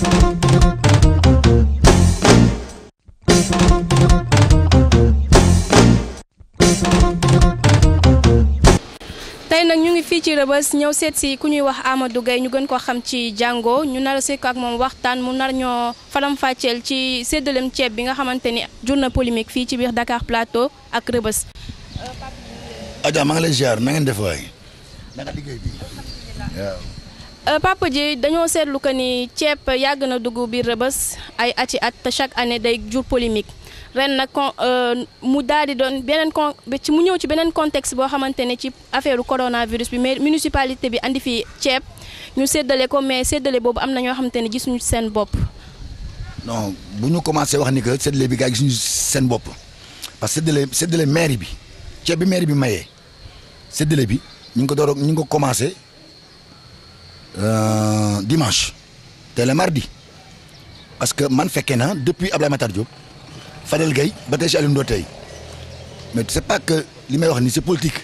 tey nag ñu ngi fii ci rëbës ñëw seet si ku ñuy wax Amadou Gaye ñu gën koo xam ci Django ñu nar a ak moom waxtaan mu nar ñoo faram ci séddalem ceeb bi nga xamante ni jur na polémique fii ci biir Dakar Plateau ak rëbës. Adja maa ngi lay ziar na ngeen def Euh, Papa Dieye dañoo seetlu que ni ceeb yàgg na dugg biir Rebeuss ay ati at chaque année day jur polémique ren nag kon euh, mu daal di doon beneen con ci mu ñëw ci beneen contexte boo xamante ne ci affaire coronavirus bi mais municipalité bi andi fi ceeb ñu séddale ko mais séddale boobu am na ñoo xamante ne gisuñu seen bopp. non bu ñu commencé wax ni que séddale bi gaa gisuñu seen bopp parce que séddale séddale mairie bi ceeb bi mairie bi mayee séddale bi ñu ngi ko door ñu ngi ko commencé. euh, dimanche te le mardi parce que man fekkee na depuis Abdoulaye Matar Fadel gay, ba tey si mais Ndoye sais mais c'est pas que li wax ni c'est politique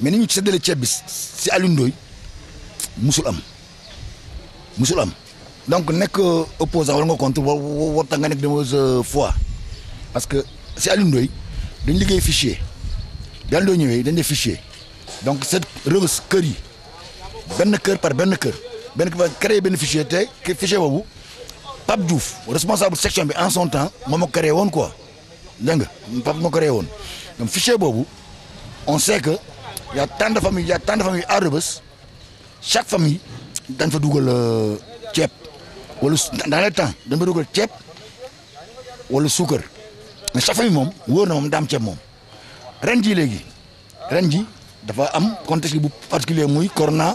mais nous tu sais de bi si Alioune Ndoye musul am musul am donc nekk opposant wala nga contre war war de mauvaise euh, foi parce que c'est Alioune Ndoye de liggéey fichier bi Alioune Ndoye ñëwee dañ def fichier donc cette Rebeuss curry, yi benn par benn kër benn créer benn fichier te fichier boobu Pape Diouf responsable section bi en son temps moom créé woon quoi dégg nga Pape moo créé woon donc fichier boobu on sait que il y a tant de famille y a tant de famille à chaque famille dañ fa dugal euh, ceeb wala dans le temps dañ dougal dugal ou wala sucre mais chaque famille mom wóor na moom daam ceeb Renji, ren jii léegi ren ji dafa am contexte bu particulier muy corona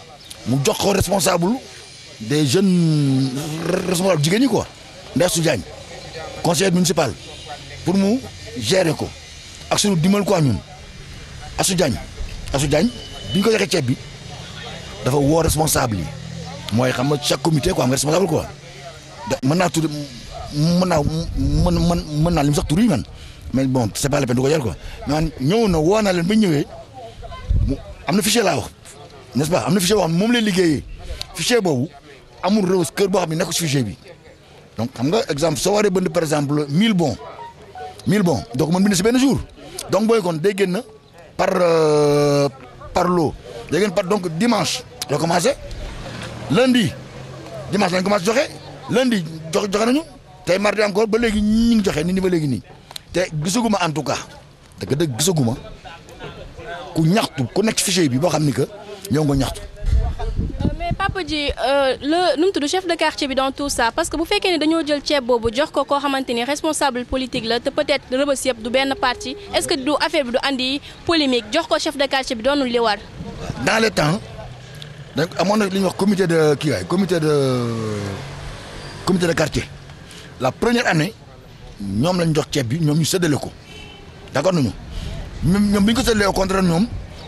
mu jox ko responsable des jeunes responsable jigéen ñi quoi Ndeesu Diagne conseiller municipal pour mu gérer ko ak suñu dimbal quoi ñun Asu Diagne Asu Diagne bi ñu ko joxee ceeb bi dafa woo responsable yi mooy xam nga chaque ko quoi am nga responsable quoi mën naa tudd mën naa mën mën mën naa lim sax tur man mais bon c'est pas la peine du ko jar quoi mais na woo naa leen ba ñëwee am na fichier laa n'est-ce pas amna na fichier boo xam ne moom lay liggéeyee fichier boobu amul rëwës keur bo xamni ne fichier bi donc xam nga exemple soo bënd par exemple 1000 bon, 1000 bon, donc man bind ci ben jour donc boy kon day génn par euh, par lo, day génn par donc dimanche la commencé lundi dimanche lañ commencé joxé lundi jox joxe nañu tay mardi encore ba léegi ñu ngi joxe ni ñi ba légui ni té gisuguma en tout cas deug deug gisuguma ku ñaxtu ku ci fichier bi bo xamni que. nga euh, mais papa dit euh, le nu mu chef de quartier bi dans tout ça parce que bu faites ne dañoo jël ceeb boobu jox ko koo xamante responsable politique là, te peut-être rëbës yëpp du Ben parti est-ce que du affaire bi du andi polémique jox ko chef de quartier bi nous li war. dans le temps donc amoon na wax comité de qui, comité de comité de quartier la première année ñoom lañ jox nous bi ñoom ñu séddale ko d'accord Nous ñoom bi ñu ko séddalee au contre nous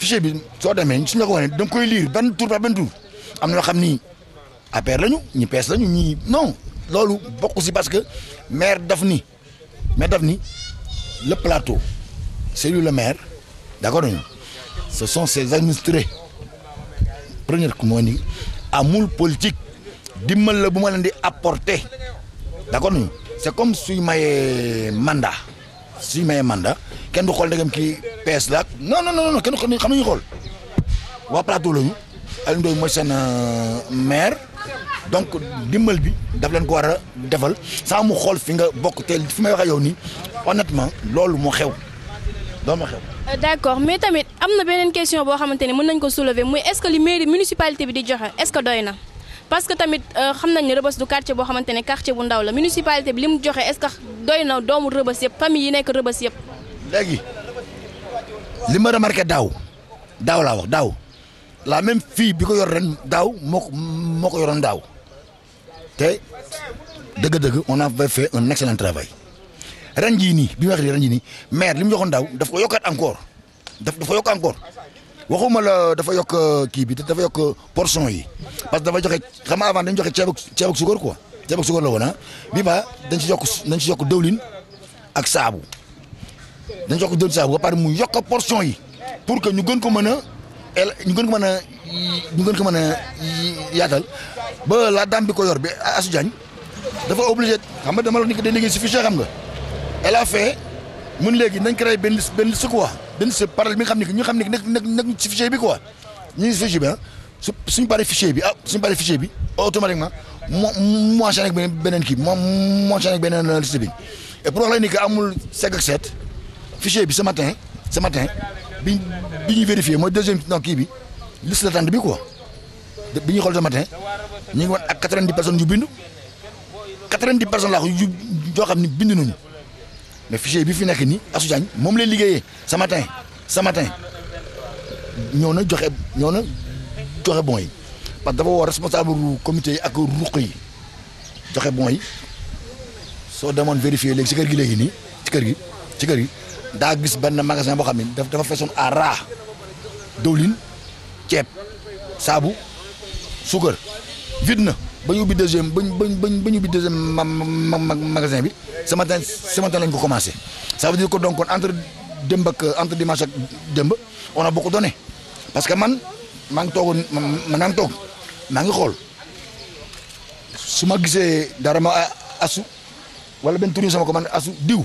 fichier bi soo demee suñ la ko wane da nga koy lire benn tour par benn tour am na yoo xam ni APR lañu ñi PS lañu ñi non loolu bokk si parce que maire daf ni maire daf ni le plateau c'est lui le maire d'accord nañu ce sont ses administrés première ku moo ni amul politique dimmal la bu ma leen di apporter d'accord nañu c'est comme suy maye mandat suy maye mandat kenn du xool ndegam kii PS la ak no non non kenn xam nañu xool waa plateau lañu Alioune Ndoye mooy seen euh, maire donc dimbal bi daf leen ko war a defal saa mu xool fi nga bokk te fi may wax ak yow nii honnêtement loolu moo xew doo ma xew. Euh, d'accord mais tamit am na beneen question boo xamante ni mën nañ ko soulever muy est-ce que li mairie municipalité bi di joxe est-ce que doy na. parce que tamit euh, xam nañ rëbës du quartier boo xamante ne quartier bu ndaw la municipalité bi li mu joxe est doy na doomu rëbës yëpp famille yi nekk rëbës yëpp. léegi li ma remarqué daaw daaw laa wax daaw la même fille bi ko yor ren daaw moo ko moo ko yoroon daaw te dëgg-dëgg on a fait un excellent travail ren jii nii bi ma wax nii ren jii nii li mu joxoon daaw daf ko yokkaat encore daf dafa yokk encore waxuma la dafa yokk euh, kii bi dafa yokk euh, portion yi parce que dafa joxe xam nga avant dañu joxe ceeb ak ceeb ak suukar quoi ceeb ak suukar la woon ah ba dañ ci yokk dañ ci yokk ak saabu. dañ jox ko deux saabu ba pare mu yokk portion yi pour que ñu gën ko mën a ñu gën mën a ñu gën ko mën a yaatal ba la dame bi ko yor bi Assou Diagne dafa obligé xam nga dama la ni ko day liggéey xam nga elle a fait mun léegi nañ créé benn benn su quoi benn su parel bi nga xam ne que ñu xam ne nag nag nag ci fichier bi quoi ñu ngi si fichier bi ah su suñ bi ah suñ ma moo bi automatiquement mu mu beneen beneen kii mu mu enchaîné ak beneen liste bi et pour wax la ni amul segg ak seet. fichier bi ce matin ce matin biñu bi ñu vérifié deuxième non ki bi liste d'attente bi quoi biñu xol xool ce matin ñi ngi won ak 90 personnes yu bindu 90 personnes la ko yu yoo bindu ñu mais fichier bi fi nek ni Assou Diagne moom lay liggéeyee ce matin ce matin ñoo na joxe ñoo na joxe bon yi parce que dafa wo responsable du comité ak ruq yi joxe bon yi so demoon vérifier légui ci kër gi légui ni ci kër gi ci kër gi. da gis ben magasin bo xamni dafa dafa fesson à raa dëwlin ceeb saabu vide na ba ñu ubbi deuxième bañ bañ bañ bañ ba deuxième magasin bi ce matin ce matin lañ ko commencer ça veut dire que donc entre demba ak entre dimanche ak démb on a beaucoup donné parce que man man man tok ngi dara ma asu wala ben tourisme sama ko man asu diw.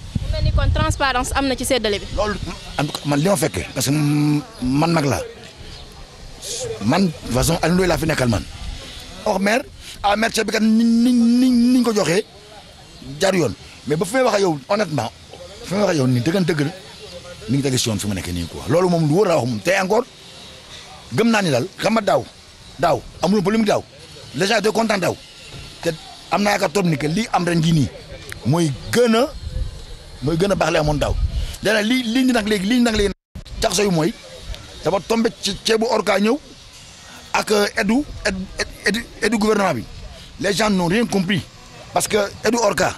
mel transparence am na ci séddale bi. loolu man li ma fekkee parce que man mag la man fason Alioune Ndoye la fi nekkal man. wax a ah ceeb bi kat ni ni ni ñu ko joxee jaar yoon mais ba fi may wax ak yow honnêtement fi may wax ak yow nii dëggan dëgg la mi ngi tege si yoon fi ma nekk nii quoi loolu moom lu wóor laa wax moom te encore gëm naa ni daal xam daw daaw daaw amul problème daaw les gens étaient contents daaw te am naa yaakaar trop ni que lii am ren jii nii mooy gën a. moy gëna a baax li amoon daaw léeg li lii ñu nag léegi lii ñu nag léegi jaxasoo yu dafa tombé ci ceebu orka ñew ak euh, edu edu edu gouvernement bi les gens n'ont rien compris parce que edu orka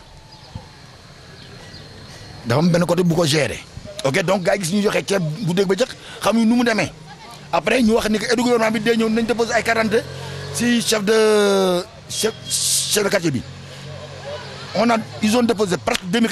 dafa ben côté bu ko gérer. ok donc gars gis ñu joxé ceeb bu dégg ba jëkk xamuñu nu mu démé après ñu wax ni que edu gouvernement bi dé ñew nañ déposer ay 40 si chef de chef chef de quartier bi on a ils ont déposé presque deux mille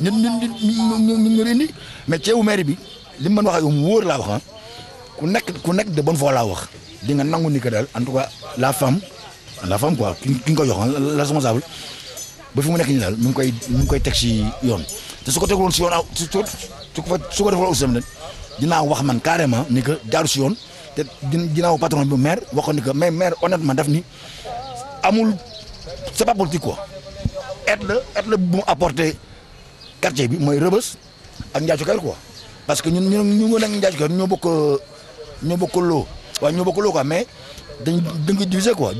ñu ñun ñun ñun ñoo mais ceebu mairie bi li mu mën wax ak yow mu wóor laa wax ah ku nekk ku nekk de wax di nga nangu ni que daal en tout cas la femme la femme quoi ki ki nga ko jox ah, la ba fi mu nekk nii daal mu ngi koy mu ngi koy teg si yoon su ko tegul si yoon aw ah, su ko su ko defal aussi tamit wax man carrément ni que si yoon te dinaa wax patron bi maire waxoon ni que mais maire honnêtement daf ni amul c'est pas politique quoi aide bu mu quartier bi moy rebeus ak parce que nous, ñu beaucoup, ngi nous ñoo bokk ñoo bokk nous ñoo bokk mais dañ dañ quoi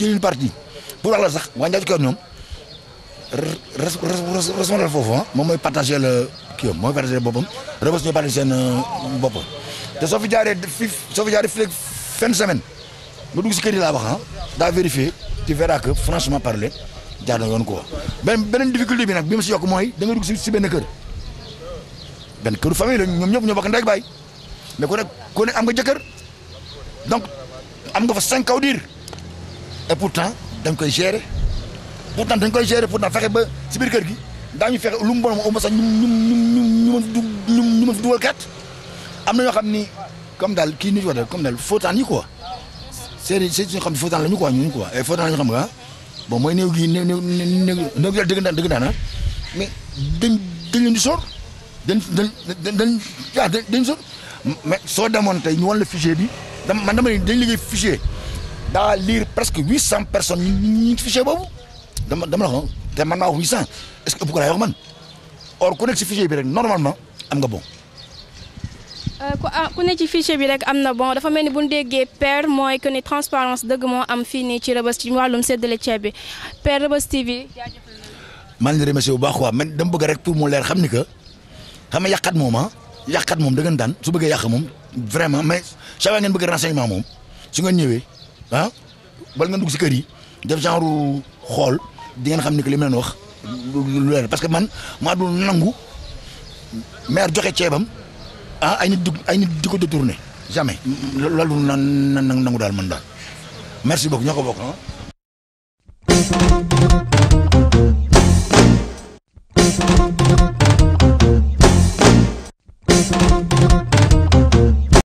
une partie pour la sax responsable ah, partager le ki moy partager boppam pas. Je partager euh, te sofi sofi fin de semaine dugg si keri la wax tu ah, da vérifier tu verras que franchement parler jaar na yoon ko ben beneen difficulté bi nak bi ma si yokk mooy da nga dug si ben keur ben keur famille ñom ñop ñu ñoo bokk bay ne ko ku ko ne am nga jëkër donc am nga fa cinq kaw diir et pourtant dang koy gérer pourtant dang koy gérer pourtant fexé ba ci bir keur gi daañu fexé lu mu bon au moins sax ñu ñu ñu ñu mën du ñu ñu mën dugal kat am na ñoo xamni comme dal ki nit wax daal comme daal fautaan yi quoi c'est c'est ñu xam fautaan la ñu quoi ñu quoi eh, fautaan la ñu xam nga ah. bon ne néew pas néew néew néew mais dañ dañ pas di sor ah, mais fichier bi dama man lire presque 800 personnes qui fichier dama dama la te man est-ce que vous wax or fichier normalement bon. Euh, ah, ku ne ci fichier bi rek am na bon dafa mel ni bu ñu déggee per mooy que ni transparence dëgg moo am fii nii ci Rebeuss ci wàllum séddale ceeb bi per Rebeuss TV. maa ngi remercier bu baax quoi man dama bëgg rek pour mu leer xam ni que xam nga yàqat moom ah yàqat moom da ngeen daan su bëggee yàq moom vraiment mais saa ngeen bëgg renseignement moom su ngeen ñëwee ah bal ngeen dugg si kër yi def genre xool di ngeen xam ni que li leen wax lu leer parce que man maa dul nangu maire joxe ceebam. ah ay nit du ay nit di ko détourné jamais loolu na na nangu daal man daal merci beaucoup ñoo ko bokk ah.